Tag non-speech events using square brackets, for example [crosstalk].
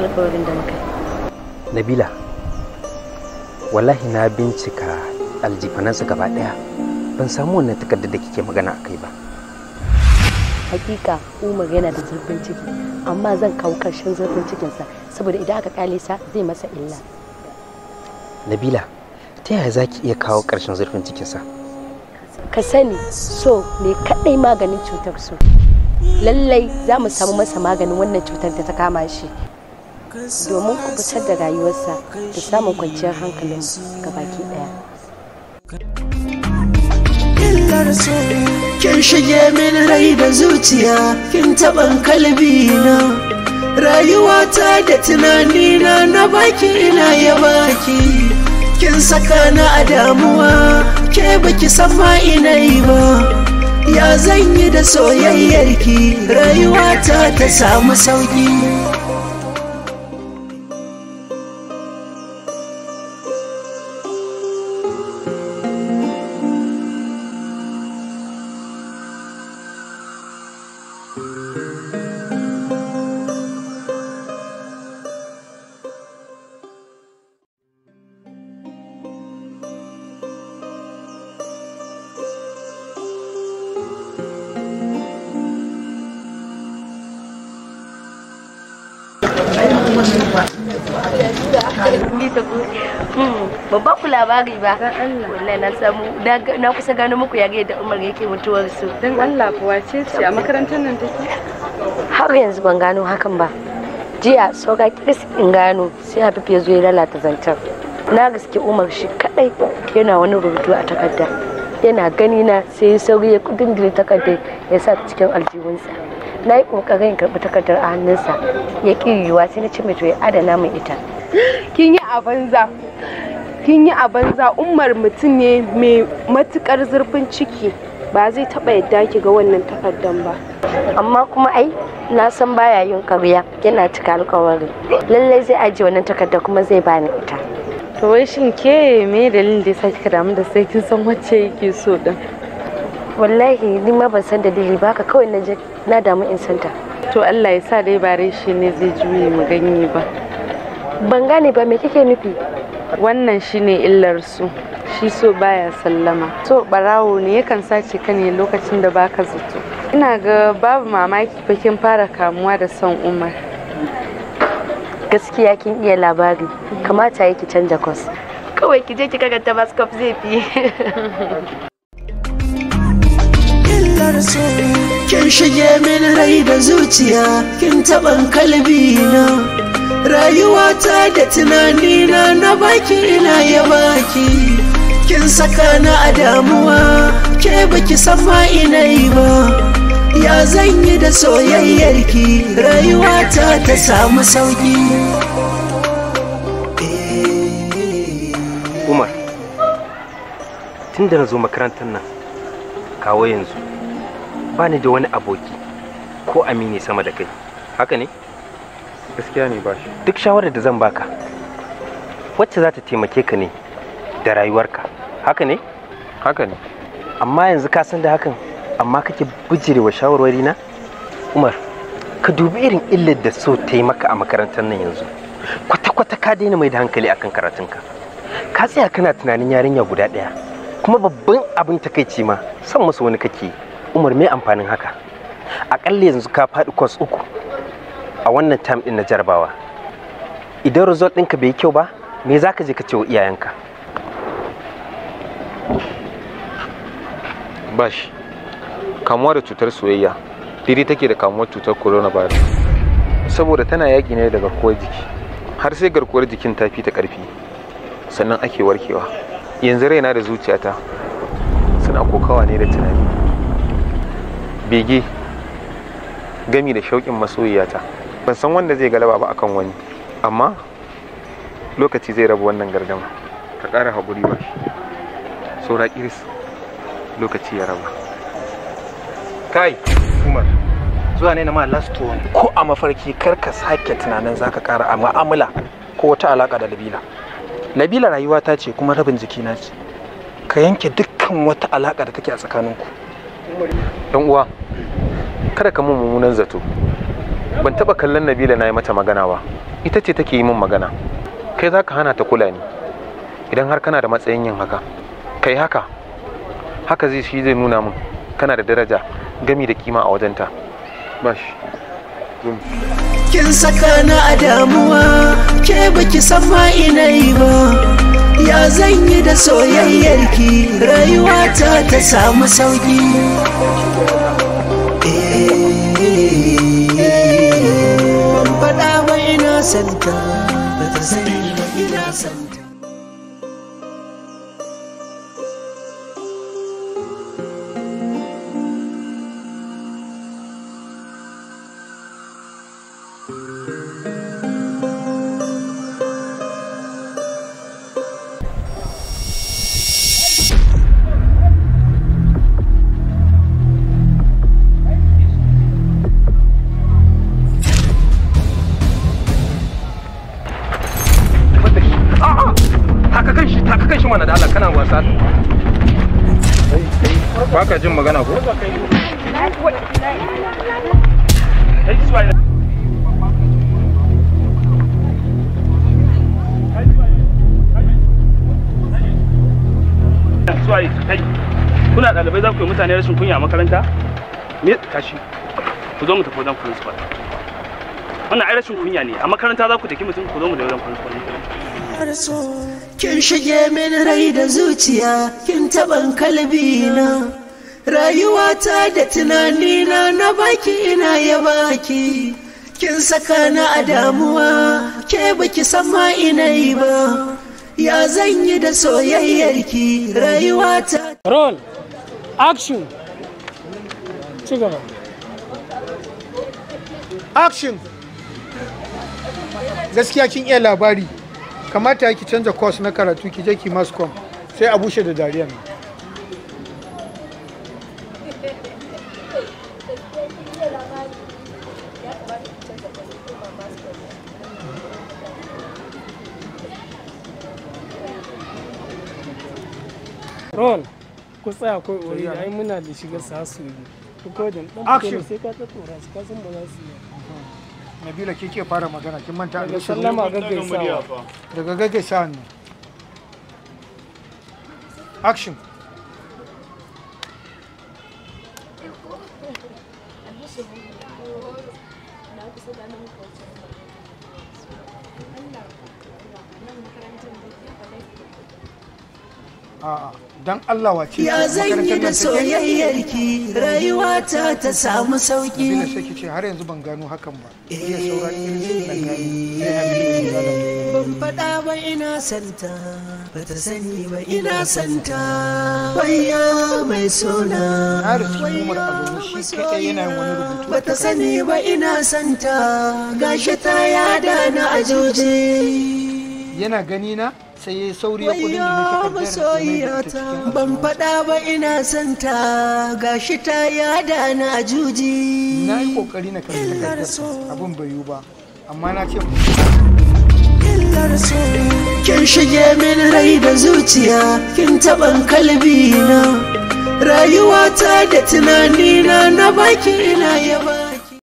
alkawarin da muka Nabila wallahi na bincika aljifanansa gaba daya ban samu wannan takarda da kike magana a kai ba hakika umar yana da zurfin ciki amma zan kawo karshen zurfin cikinsa saboda idan aka ƙale sa zai masa illa nabila ta yaya za ki iya kawo karshen zurfin cikinsa ka sani so ne kaɗai maganin cutar so lallai za mu samu masa maganin wannan cutar da ta kama shi domin ku fitar da rayuwarsa da samun kwanciyar hankalin baki daya. Kin shige min rai da zuciya, kin taɓa kalbi na. Rayuwata da tunanina na baki ina ya baki. Kin saka na a damuwa, ke baki san ma ina yi ba. Ya zan yi da soyayyarki, rayuwata ta samu sauki Música ban ba ku labari ba wallahi na samu na kusa gano muku ya da umar yake mutuwar su dan Allah kuwa ce ce a makarantar nan take har yanzu ban gano hakan ba jiya soga kiris in gano sai hafifu ya zo ya lalata zancen na gaske umar shi kadai yana wani rubutu a takarda yana gani na sai sauri ya kudin takardar ya sa cikin aljihunsa na yi ƙoƙarin karɓi takardar a hannunsa ya ƙi yiwuwa sai na ci mai to ya adana min ita kin yi a banza kin yi umar mutum ne mai matukar zurfin ciki ba zai taɓa yadda ki ga wannan takardar ba amma kuma ai na san baya yin karya, yana cika alkawari lallai zai ajiye wannan takardar kuma zai bani ita to wai shin ke me dalilin da yasa kika damu da sai kin san wacce yake so din wallahi ni ma ban san dalili ba ka kawai na je na damu in santa to Allah ya sa dai ba shi ne zai juye mu ganye ba ban gane ba me kike nufi wannan shine illar su shi so baya sallama so barawo ne yakan sace ka ne lokacin da baka zato ina ga babu mamaki bakin fara kamuwa da son umar gaskiya kin iya labari kamata yake canja kwas kawai ki je ki kaga tabascope zai fi kin shige min rai da zuciya kin taban kalbi na rayuwata da tunani na na baki ina ya baki kin saka na a damuwa ke baki san ina yi ba ya zan yi da soyayyarki rayuwata ta samu sauki umar tun da na zo makarantar nan kawo yanzu ba ni da wani aboki ko amini sama da kai haka ne gaskiya ne ba shi duk shawarar da zan baka wacce za ta taimake ka ne da rayuwarka haka ne haka ne amma yanzu ka san da hakan amma kake wa shawarwari na umar ka dubi irin illar da so ta yi maka a makarantar nan yanzu kwata-kwata ka daina mai da hankali akan karatunka ka tsaya kana tunanin yarinya guda ɗaya kuma babban abin takaici ma son masa wani kake yi umar me amfanin haka akalla yanzu ka faɗi kwas uku a wannan tam ɗin na jarabawa idan result ɗinka bai yi kyau ba me za ka je ka ce wa iyayenka Bash kamuwa da cutar soyayya daidai take da kamuwar cutar coronavirus saboda tana yaƙi ne daga garkuwar jiki har sai garkuwar jikin ta fi ta ƙarfi sannan ake warkewa yanzu raina da zuciyata suna kokawa ne da tunani bege gami da shauƙin masoyiyata ban san wanda zai galaba ba akan wani amma lokaci zai raba wannan gardama ka ƙara haƙuri ba shi. saura iris lokaci ya raba kai umar zuwa ne na ma last one ko a mafarki kar ka sake tunanin zaka ƙara a ma'amula ko wata alaƙa da labila labila rayuwata ce kuma rabin jikina ce ka yanke dukkan wata alaƙa da take a tsakaninku Ɗan uwa kada ka mun mummunan zato ban taɓa kallon Nabila na yi mata magana ba ita ce take yi min magana kai za ka hana ta kula ni idan har kana da matsayin yin haka kai haka haka zai shi zai nuna min kana da daraja gami da kima a wajenta bashi kin saka na a damuwa ke baki san ma ina yi ba ya zan yi da soyayyarki rayuwa ta ta samu sauki ban eh, faɗa ba ina santa ba ta sani ina santa mana da Allah kana wasa ba ka jin magana ko kuna ɗalibai za ku yi mutane rashin kunya a makaranta me kashi ku zo mu tafi wajen principal wannan ai rashin kunya ne a makaranta za ku taki mutum ku zo mu da wajen principal kin shige min rai da zuciya kin taban kalbi na rayuwata da tunanina na baki ina ya baki kin saka na a damuwa ke baki san ma ina yi ba ya zan yi da soyayyarki ta. roll action cigaba action gaskiya kin iya labari kamata ki canza kwas na karatu ki je ki mascom sai a bushe da dariya ne roll ku tsaya ko ori ai muna da shiga sasu ku da dan sai ka ta sai su ka san ba za su yi nabila ke ke fara magana kin manta daga sallama gaggaisawa daga gaggaisawa ne action [laughs] don Allah wace ya zanyi da soyayyar ki rayuwa ta ta samu sauki bila sai ki ce har yanzu ban gano hakan ba iya sauran irin eh, eh, ban faɗa ba ina santa ba ta sani ba ina santa bayya mai sona ba ta sani ba ina santa gashi ta yada na ajoji yana gani na sai ya sauri ya kudin da ta ban faɗa ba ina son ta gashi ta da na juji na yi kokari na karanta da abin bai yiwu amma na ce kin shige min rai da zuciya kin taban kalbi na rayuwata da tunanina na baki ina yaba